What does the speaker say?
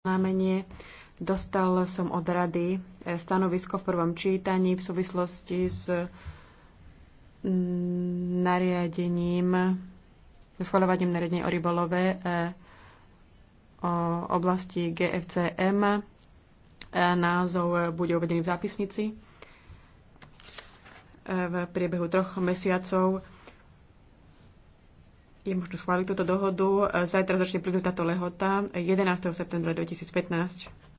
oznámenie. Dostal som od rady eh, stanovisko v prvom čítaní v súvislosti s mm, nariadením, schváľovaním nariadenia o rybolove eh, o oblasti GFCM. Eh, názov bude uvedený v zápisnici. V priebehu troch mesiacov je možno schváliť túto dohodu. Zajtra začne plynúť táto lehota 11. septembra 2015.